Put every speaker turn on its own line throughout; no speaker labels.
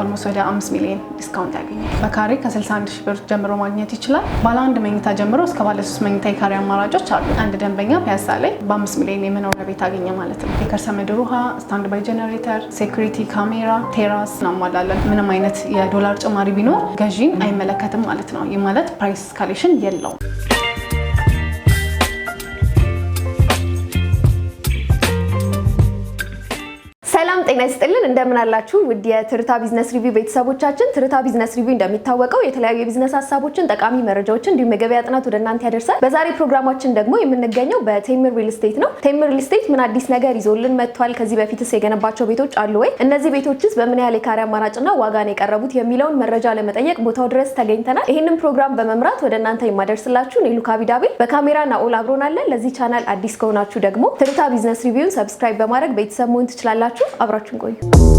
ኦልሞስት ወደ አምስት ሚሊዮን ዲስካውንት ያገኛል። በካሬ ከ61 ሺህ ብር ጀምሮ ማግኘት ይችላል። ባለ አንድ መኝታ ጀምሮ እስከ ባለ ሶስት መኝታ የካሬ አማራጮች አሉ። አንድ ደንበኛ ፒያሳ ላይ በአምስት ሚሊዮን የመኖሪያ ቤት አገኘ ማለት ነው። የከርሰ ምድር ውሃ፣ ስታንድ ባይ ጀኔሬተር፣ ሴኩሪቲ ካሜራ፣ ቴራስ እናሟላለን። ምንም አይነት የዶላር ጭማሪ ቢኖር ገዢን አይመለከትም ማለት ነው። ይህ ማለት ፕራይስ ስካሌሽን የለውም።
ጤና ይስጥልን እንደምን አላችሁ? ውድ የትርታ ቢዝነስ ሪቪው ቤተሰቦቻችን፣ ትርታ ቢዝነስ ሪቪው እንደሚታወቀው የተለያዩ የቢዝነስ ሀሳቦችን፣ ጠቃሚ መረጃዎችን እንዲሁም የገበያ ጥናት ወደ እናንተ ያደርሳል። በዛሬ ፕሮግራማችን ደግሞ የምንገኘው በቴምር ሪል ስቴት ነው። ቴምር ሪል ስቴት ምን አዲስ ነገር ይዞልን መጥቷል? ከዚህ በፊትስ የገነባቸው ቤቶች አሉ ወይ? እነዚህ ቤቶችስ በምን ያህል የካሬ አማራጭና ዋጋ ነው የቀረቡት? የሚለውን መረጃ ለመጠየቅ ቦታው ድረስ ተገኝተናል። ይህንን ፕሮግራም በመምራት ወደ እናንተ የማደርስላችሁ እኔ ሉካ ቢዳቤል፣ በካሜራ ናኦል አብሮን ለዚህ ቻናል አዲስ ከሆናችሁ ደግሞ ትርታ ቢዝነስ ሪቪውን ሰብስክራይብ በማድረግ ቤተሰብ መሆን ትችላላችሁ። አብራ አብራችን ቆዩ።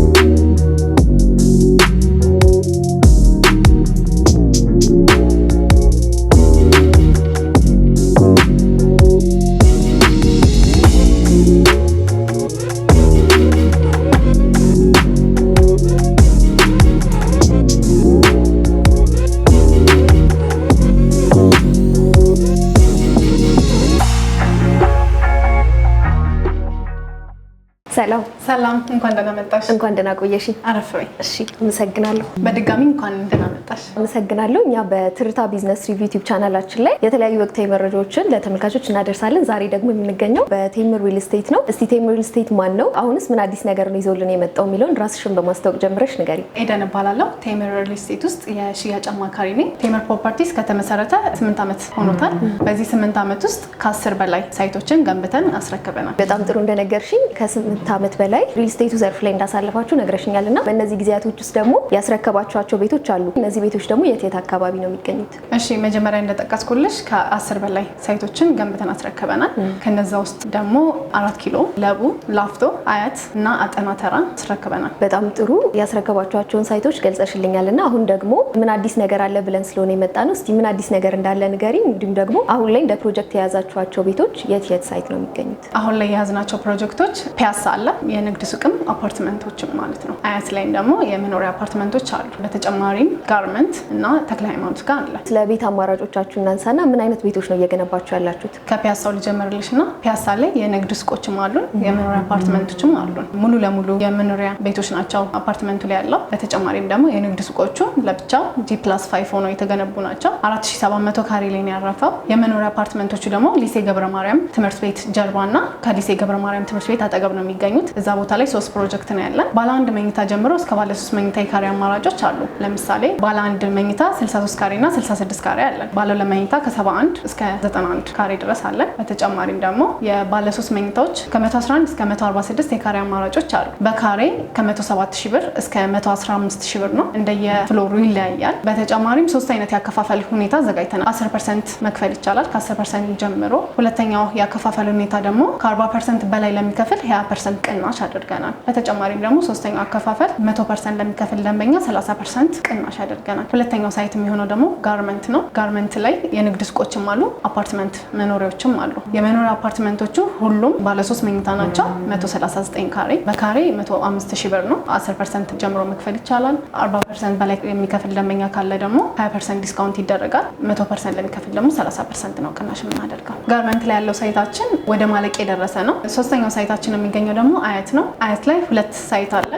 ሰላም
ሰላም፣ እንኳን ደህና መጣሽ።
እንኳን ደህና ቆየሽ። አረፍ በይ። እሺ፣ አመሰግናለሁ።
በድጋሚ እንኳን ደህና መጣሽ።
አመሰግናለሁ። እኛ በትርታ ቢዝነስ ሪቪው ዩቲዩብ ቻናላችን ላይ የተለያዩ ወቅታዊ መረጃዎችን ለተመልካቾች እናደርሳለን። ዛሬ ደግሞ የምንገኘው በቴምር ሪል ስቴት ነው። እስቲ ቴምር ሪል ስቴት ማን ነው፣ አሁንስ ምን አዲስ ነገር ነው ይዞልን የመጣው የሚለውን ራስሽን በማስታወቅ ጀምረሽ ንገሪ።
ኤደን እባላለሁ። ቴምር ሪል ስቴት ውስጥ የሽያጭ አማካሪ ነኝ። ቴምር ፕሮፐርቲስ ከተመሰረተ ስምንት ዓመት ሆኖታል። በዚህ ስምንት ዓመት ውስጥ ከአስር በላይ ሳይቶችን ገንብተን አስረክበናል።
በጣም ጥሩ እንደነገርሽኝ ከስምንት ከሁለት ዓመት በላይ ሪልስቴቱ ዘርፍ ላይ እንዳሳለፋችሁ ነግረሽኛል እና በእነዚህ ጊዜያቶች ውስጥ ደግሞ ያስረከባቸኋቸው ቤቶች አሉ። እነዚህ ቤቶች ደግሞ የት የት አካባቢ ነው የሚገኙት?
እሺ መጀመሪያ እንደጠቀስኩልሽ ከአስር በላይ ሳይቶችን ገንብተን አስረክበናል። ከነዛ ውስጥ ደግሞ አራት ኪሎ፣ ለቡ፣ ላፍቶ፣ አያት እና አጠና ተራ አስረክበናል።
በጣም ጥሩ ያስረከባቸኋቸውን ሳይቶች ገልጸሽልኛል እና አሁን ደግሞ ምን አዲስ ነገር አለ ብለን ስለሆነ የመጣ ነው። እስቲ ምን አዲስ ነገር እንዳለ ንገሪኝ። እንዲሁም ደግሞ አሁን ላይ እንደ ፕሮጀክት የያዛችኋቸው ቤቶች የት የት ሳይት ነው የሚገኙት?
አሁን ላይ የያዝናቸው ፕሮጀክቶች ፒያሳ አለ፣ የንግድ ሱቅም አፓርትመንቶችም ማለት ነው። አያት ላይም ደግሞ የመኖሪያ አፓርትመንቶች አሉ። በተጨማሪም ጋርመንት እና ተክለ ሃይማኖት ጋር አለ።
ስለ ቤት አማራጮቻችሁ እናንሳና ምን አይነት ቤቶች ነው እየገነባችሁ ያላችሁት?
ከፒያሳው ልጀምርልሽ እና ፒያሳ ላይ የንግድ ሱቆችም አሉን፣ የመኖሪያ አፓርትመንቶችም አሉን። ሙሉ ለሙሉ የመኖሪያ ቤቶች ናቸው አፓርትመንቱ ላይ ያለው። በተጨማሪም ደግሞ የንግድ ሱቆቹ ለብቻ ጂ ፕላስ ፋይቭ ሆኖ የተገነቡ ናቸው። 4700 ካሬ ላይ ነው ያረፈው። የመኖሪያ አፓርትመንቶቹ ደግሞ ሊሴ ገብረ ማርያም ትምህርት ቤት ጀርባና ከሊሴ ገብረ ማርያም ትምህርት ቤት አጠገብ ነው የሚገ የሚገኙት። እዛ ቦታ ላይ ሶስት ፕሮጀክት ነው ያለን። ባለ አንድ መኝታ ጀምሮ እስከ ባለ ሶስት መኝታ የካሬ አማራጮች አሉ። ለምሳሌ ባለ አንድ መኝታ 63 ካሬ እና 66 ካሬ አለን። ባለ ለመኝታ ከ71 እስከ 91 ካሬ ድረስ አለን። በተጨማሪም ደግሞ የባለ ሶስት መኝታዎች ከ111 እስከ 146 የካሬ አማራጮች አሉ። በካሬ ከ107 ሺ ብር እስከ 115 ሺ ብር ነው፣ እንደየፍሎሩ ይለያያል። በተጨማሪም ሶስት አይነት ያከፋፈል ሁኔታ አዘጋጅተናል። 10 ፐርሰንት መክፈል ይቻላል ከ10 ፐርሰንት ጀምሮ። ሁለተኛው ያከፋፈል ሁኔታ ደግሞ ከ40 ፐርሰንት በላይ ለሚከፍል 20 ፐርሰንት ፐርሰንት ቅናሽ አድርገናል። በተጨማሪም ደግሞ ሶስተኛው አከፋፈል መቶ ፐርሰንት ለሚከፍል ደንበኛ 30 ፐርሰንት ቅናሽ አድርገናል። ሁለተኛው ሳይት የሚሆነው ደግሞ ጋርመንት ነው። ጋርመንት ላይ የንግድ ሱቆችም አሉ፣ አፓርትመንት መኖሪያዎችም አሉ። የመኖሪያ አፓርትመንቶቹ ሁሉም ባለሶስት መኝታ ናቸው። 139 ካሬ በካሬ 105 ሺህ ብር ነው። 10 ፐርሰንት ጀምሮ መክፈል ይቻላል። 40 ፐርሰንት በላይ የሚከፍል ደንበኛ ካለ ደግሞ 20 ፐርሰንት ዲስካውንት ይደረጋል። 100 ፐርሰንት ለሚከፍል ደግሞ 30 ፐርሰንት ነው ቅናሽ የምናደርገው። ጋርመንት ላይ ያለው ሳይታችን ወደ ማለቅ የደረሰ ነው። ሶስተኛው ሳይታችን የሚገኘው ደግሞ አያት ነው። አያት ላይ ሁለት ሳይት አለ።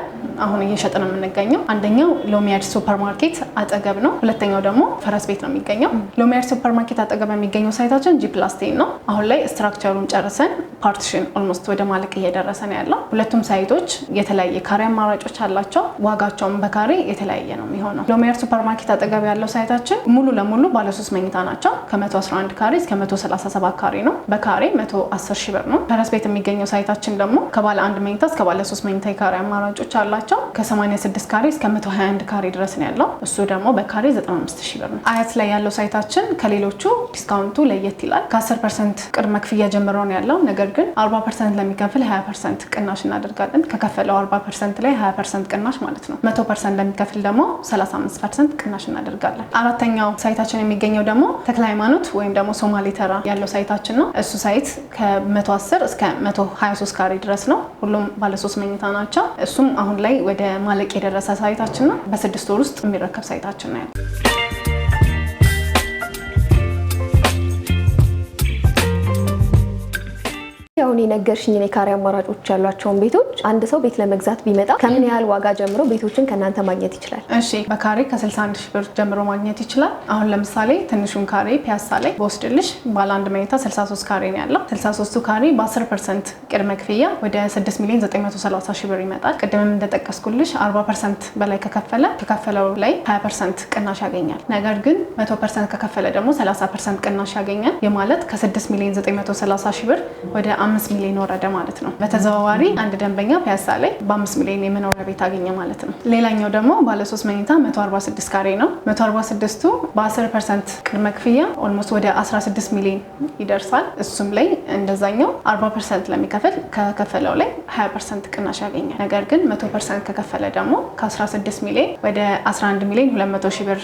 አሁን ነው የምንገኘው። አንደኛው ሎሚያድ ሱፐር ማርኬት አጠገብ ነው። ሁለተኛው ደግሞ ፈረስ ቤት ነው የሚገኘው። ሎሚያድ ሱፐር ማርኬት አጠገብ የሚገኘው ሳይታችን ጂ ፕላስ ቴን ነው። አሁን ላይ ስትራክቸሩን ጨርሰን ፓርቲሽን ኦልሞስት ወደ ማለቅ እየደረሰ ነው ያለው። ሁለቱም ሳይቶች የተለያየ ካሬ አማራጮች አላቸው። ዋጋቸውን በካሬ የተለያየ ነው የሚሆነው። ሎሚያድ ሱፐር ማርኬት አጠገብ ያለው ሳይታችን ሙሉ ለሙሉ ባለሶስት መኝታ ናቸው። ከ111 ካሬ እስከ 137 ካሬ ነው። በካሬ 110 ሺህ ብር ነው። ፈረስ ቤት የሚገኘው ሳይታችን ደግሞ ከባለ አንድ መኝታ እስከ ባለ ሶስት መኝታ የካሬ አማራጮች አላቸው። ናቸው። ከ86 ካሬ እስከ 121 ካሬ ድረስ ነው ያለው። እሱ ደግሞ በካሬ 95 ሺ ብር ነው። አያት ላይ ያለው ሳይታችን ከሌሎቹ ዲስካውንቱ ለየት ይላል። ከ10 ፐርሰንት ቅድመ ክፍያ ጀምሮ ነው ያለው። ነገር ግን 40 ፐርሰንት ለሚከፍል 20 ፐርሰንት ቅናሽ እናደርጋለን። ከከፈለው 40 ፐርሰንት ላይ 20 ፐርሰንት ቅናሽ ማለት ነው። 100 ፐርሰንት ለሚከፍል ደግሞ 35 ፐርሰንት ቅናሽ እናደርጋለን። አራተኛው ሳይታችን የሚገኘው ደግሞ ተክለ ሃይማኖት ወይም ደግሞ ሶማሌ ተራ ያለው ሳይታችን ነው። እሱ ሳይት ከ110 እስከ 123 ካሬ ድረስ ነው። ሁሉም ባለሶስት መኝታ ናቸው። እሱም አሁን ላይ ላይ ወደ ማለቅ የደረሰ ሳይታችን ነው። በስድስት ወር ውስጥ የሚረከብ ሳይታችን ነው።
አሁን የነገርሽኝን የካሬ አማራጮች ያሏቸውን ቤቶች አንድ ሰው ቤት ለመግዛት ቢመጣ ከምን ያህል ዋጋ ጀምሮ ቤቶችን ከእናንተ ማግኘት ይችላል?
እሺ፣ በካሬ ከ61 ሺህ ብር ጀምሮ ማግኘት ይችላል። አሁን ለምሳሌ ትንሹን ካሬ ፒያሳ ላይ በወስድልሽ ባለ አንድ መኝታ 63 ካሬ ነው ያለው። 63ቱ ካሬ በ10 ፐርሰንት ቅድመ ክፍያ ወደ 6 ሚሊዮን 930 ሺህ ብር ይመጣል። ቅድምም እንደጠቀስኩልሽ 40 ፐርሰንት በላይ ከከፈለ ከከፈለው ላይ 20 ፐርሰንት ቅናሽ ያገኛል። ነገር ግን 100 ፐርሰንት ከከፈለ ደግሞ 30 ፐርሰንት ቅናሽ ያገኛል። የማለት ከ6 ሚሊዮን 930 ሺህ ብር ወደ 5 አምስት ሚሊዮን ወረደ ማለት ነው። በተዘዋዋሪ አንድ ደንበኛ ፒያሳ ላይ በአምስት ሚሊዮን የመኖሪያ ቤት አገኘ ማለት ነው። ሌላኛው ደግሞ ባለሶስት መኝታ 146 ካሬ ነው። 146ቱ በ10 ፐርሰንት ቅድመ ክፍያ ኦልሞስት ወደ 16 ሚሊዮን ይደርሳል። እሱም ላይ እንደዛኛው 40 ፐርሰንት ለሚከፍል ከከፈለው ላይ 20 ፐርሰንት ቅናሽ ያገኛል። ነገር ግን 100 ፐርሰንት ከከፈለ ደግሞ ከ16 ሚሊዮን ወደ 11 ሚሊዮን 200 ሺህ ብር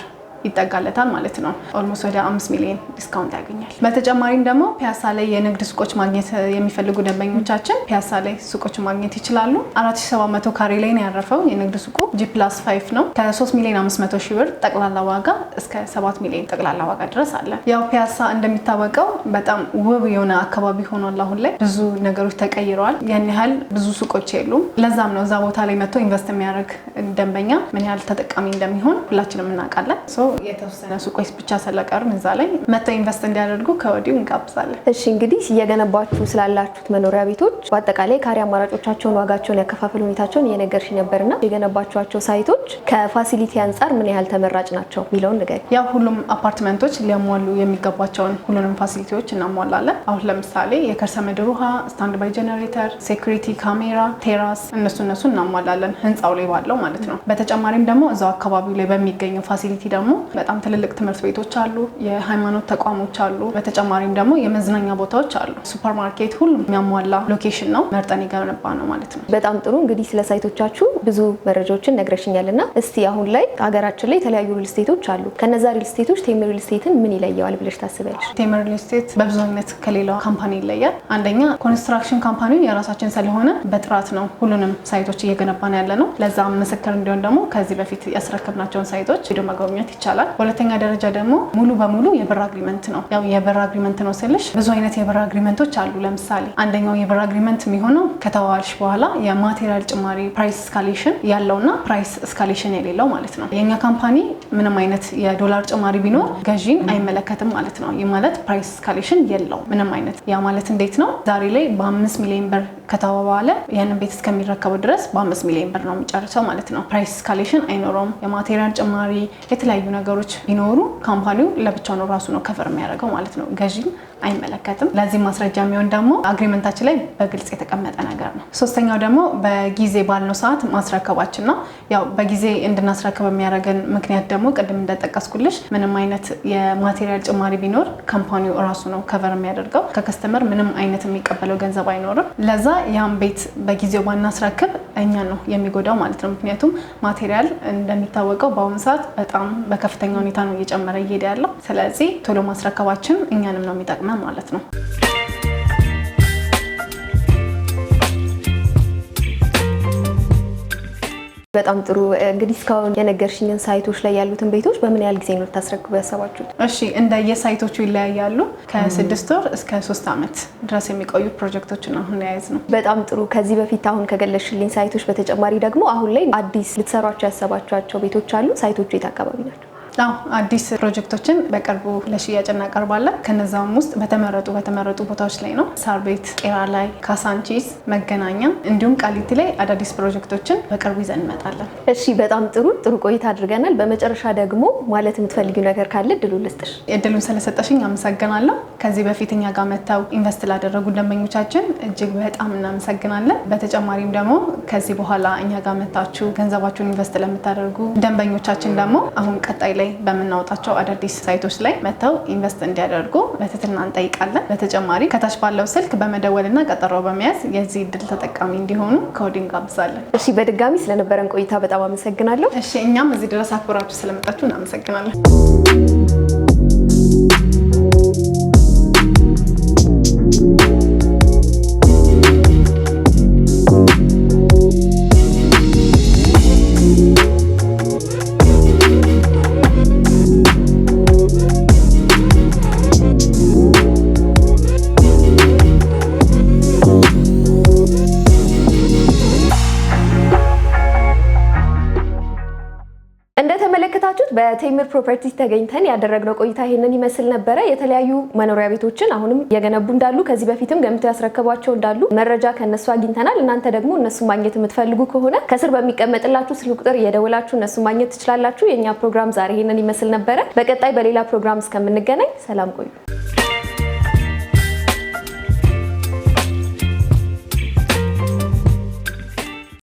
ይጠጋለታል ማለት ነው። ኦልሞስት ወደ አምስት ሚሊዮን ዲስካውንት ያገኛል። በተጨማሪም ደግሞ ፒያሳ ላይ የንግድ ሱቆች ማግኘት የሚፈልጉ ደንበኞቻችን ፒያሳ ላይ ሱቆች ማግኘት ይችላሉ። መቶ ካሬ ላይ ነው ያረፈው የንግድ ሱቁ ጂ ፕላስ 5 ነው። ከ3 ሚሊዮን መቶ ሺህ ብር ጠቅላላ ዋጋ እስከ ሰባት ሚሊዮን ጠቅላላ ዋጋ ድረስ አለ። ያው ፒያሳ እንደሚታወቀው በጣም ውብ የሆነ አካባቢ ሆኗል። አሁን ላይ ብዙ ነገሮች ተቀይረዋል። ያን ያህል ብዙ ሱቆች የሉም። ለዛም ነው እዛ ቦታ ላይ መጥቶ ኢንቨስት የሚያደርግ ደንበኛ ምን ያህል ተጠቃሚ እንደሚሆን ሁላችንም እናውቃለን። የተወሰነ ሱቆች ብቻ ስለቀሩን እዛ ላይ መተው ኢንቨስት እንዲያደርጉ ከወዲሁ እንጋብዛለን።
እሺ እንግዲህ እየገነባችሁ ስላላችሁት መኖሪያ ቤቶች በአጠቃላይ ካሬ አማራጮቻቸውን፣ ዋጋቸውን፣ ያከፋፈል ሁኔታቸውን እየነገርሽ ነበርና የገነባችኋቸው ሳይቶች ከፋሲሊቲ አንጻር ምን ያህል ተመራጭ ናቸው የሚለውን ንገሪ።
ያው ሁሉም አፓርትመንቶች ሊያሟሉ የሚገባቸውን ሁሉንም ፋሲሊቲዎች እናሟላለን። አሁን ለምሳሌ የከርሰ ምድር ውሃ፣ ስታንድ ባይ ጀኔሬተር፣ ሴኩሪቲ ካሜራ፣ ቴራስ እነሱ እነሱ እናሟላለን ህንፃው ላይ ባለው ማለት ነው። በተጨማሪም ደግሞ እዛው አካባቢው ላይ በሚገኘው ፋሲሊቲ ደግሞ በጣም ትልልቅ ትምህርት ቤቶች አሉ፣ የሃይማኖት ተቋሞች አሉ። በተጨማሪም ደግሞ የመዝናኛ ቦታዎች አሉ። ሱፐርማርኬት፣ ሁሉም የሚያሟላ ሎኬሽን ነው መርጠን የገነባ ነው ማለት ነው።
በጣም ጥሩ እንግዲህ ስለ ሳይቶቻችሁ ብዙ መረጃዎችን ነግረሽኛል እና እስቲ አሁን ላይ ሀገራችን ላይ የተለያዩ ሪል ስቴቶች አሉ። ከነዛ ሪልስቴቶች ቴምር ሪልስቴትን ምን ይለየዋል ብለሽ ታስቢያለሽ?
ቴምር ሪልስቴት በብዙ አይነት ከሌላ ካምፓኒ ይለያል። አንደኛ ኮንስትራክሽን ካምፓኒ የራሳችን ስለሆነ በጥራት ነው ሁሉንም ሳይቶች እየገነባን ያለ ነው። ለዛ ምስክር እንዲሆን ደግሞ ከዚህ በፊት ያስረከብናቸውን ሳይቶች ሄዶ መጎብኘት ይቻላል። ይቻላል። በሁለተኛ ደረጃ ደግሞ ሙሉ በሙሉ የብር አግሪመንት ነው። ያው የብር አግሪመንት ነው ስልሽ ብዙ አይነት የብር አግሪመንቶች አሉ። ለምሳሌ አንደኛው የብር አግሪመንት የሚሆነው ከተዋዋልሽ በኋላ የማቴሪያል ጭማሪ ፕራይስ እስካሌሽን ያለውና ፕራይስ እስካሌሽን የሌለው ማለት ነው። የእኛ ካምፓኒ ምንም አይነት የዶላር ጭማሪ ቢኖር ገዢን አይመለከትም ማለት ነው። ይህ ማለት ፕራይስ እስካሌሽን የለው ምንም አይነት ያ ማለት እንዴት ነው ዛሬ ላይ በአምስት ሚሊዮን ብር ከተባባለ ያንን ቤት እስከሚረከበው ድረስ በአምስት ሚሊዮን ብር ነው የሚጨርሰው ማለት ነው። ፕራይስ ስካሌሽን አይኖረውም። የማቴሪያል ጭማሪ፣ የተለያዩ ነገሮች ቢኖሩ ካምፓኒው ለብቻው ነው ራሱ ነው ከቨር የሚያደርገው ማለት ነው። ገዢም አይመለከትም። ለዚህ ማስረጃ የሚሆን ደግሞ አግሪመንታችን ላይ በግልጽ የተቀመጠ ነገር ነው። ሶስተኛው ደግሞ በጊዜ ባልነው ሰዓት ማስረከባችን ነው። ያው በጊዜ እንድናስረከብ የሚያደርገን ምክንያት ደግሞ ቅድም እንደጠቀስኩልሽ ምንም አይነት የማቴሪያል ጭማሪ ቢኖር ካምፓኒው ራሱ ነው ከቨር የሚያደርገው። ከከስተመር ምንም አይነት የሚቀበለው ገንዘብ አይኖርም። ለዛ ያን ቤት በጊዜው ባናስረክብ እኛን ነው የሚጎዳው ማለት ነው። ምክንያቱም ማቴሪያል እንደሚታወቀው በአሁኑ ሰዓት በጣም በከፍተኛ ሁኔታ ነው እየጨመረ እየሄደ ያለው። ስለዚህ ቶሎ ማስረከባችን እኛንም ነው የሚጠቅመን ማለት ነው።
በጣም ጥሩ እንግዲህ እስካሁን የነገርሽኝን ሳይቶች ላይ ያሉትን ቤቶች በምን ያህል ጊዜ ነው ልታስረክቡ ያሰባችሁት?
እሺ እንደ የሳይቶቹ ይለያያሉ። ከስድስት ወር እስከ ሶስት ዓመት ድረስ የሚቆዩ ፕሮጀክቶችን አሁን የያዝ ነው።
በጣም ጥሩ። ከዚህ በፊት አሁን ከገለሽልኝ ሳይቶች በተጨማሪ ደግሞ አሁን ላይ አዲስ ልትሰሯቸው ያሰባቸዋቸው ቤቶች አሉ። ሳይቶቹ የት አካባቢ ናቸው?
አዲስ ፕሮጀክቶችን በቅርቡ ለሽያጭ እናቀርባለን። ከነዛም ውስጥ በተመረጡ በተመረጡ ቦታዎች ላይ ነው። ሳር ቤት፣ ቄራ ላይ፣ ካሳንቺስ፣ መገናኛ እንዲሁም ቃሊቲ ላይ አዳዲስ ፕሮጀክቶችን በቅርቡ ይዘን እንመጣለን።
እሺ፣ በጣም ጥሩ ጥሩ ቆይታ አድርገናል። በመጨረሻ ደግሞ ማለት የምትፈልጊው ነገር ካለ እድሉን ልስጥሽ።
እድሉን ስለሰጠሽኝ አመሰግናለሁ። ከዚህ በፊት እኛ ጋር መጥተው ኢንቨስት ላደረጉ ደንበኞቻችን እጅግ በጣም እናመሰግናለን። በተጨማሪም ደግሞ ከዚህ በኋላ እኛ ጋር መታችሁ ገንዘባችሁን ኢንቨስት ለምታደርጉ ደንበኞቻችን ደግሞ አሁን ቀጣይ ላይ በምናወጣቸው አዳዲስ ሳይቶች ላይ መጥተው ኢንቨስት እንዲያደርጉ በትህትና እንጠይቃለን። በተጨማሪ ከታች ባለው ስልክ በመደወልና ቀጠሮ በመያዝ የዚህ እድል ተጠቃሚ እንዲሆኑ ከወዲህ እንጋብዛለን።
እሺ፣ በድጋሚ ስለነበረን ቆይታ በጣም አመሰግናለሁ።
እሺ፣ እኛም እዚህ ድረስ አክብራችሁ ስለመጣችሁ እናመሰግናለን።
በቴምር ፕሮፐርቲ ተገኝተን ያደረግነው ቆይታ ይሄንን ይመስል ነበረ። የተለያዩ መኖሪያ ቤቶችን አሁንም እየገነቡ እንዳሉ ከዚህ በፊትም ገንብተው ያስረከቧቸው እንዳሉ መረጃ ከእነሱ አግኝተናል። እናንተ ደግሞ እነሱ ማግኘት የምትፈልጉ ከሆነ ከስር በሚቀመጥላችሁ ስልክ ቁጥር እየደወላችሁ እነሱ ማግኘት ትችላላችሁ። የእኛ ፕሮግራም ዛሬ ይሄንን ይመስል ነበረ። በቀጣይ በሌላ ፕሮግራም እስከምንገናኝ ሰላም ቆዩ።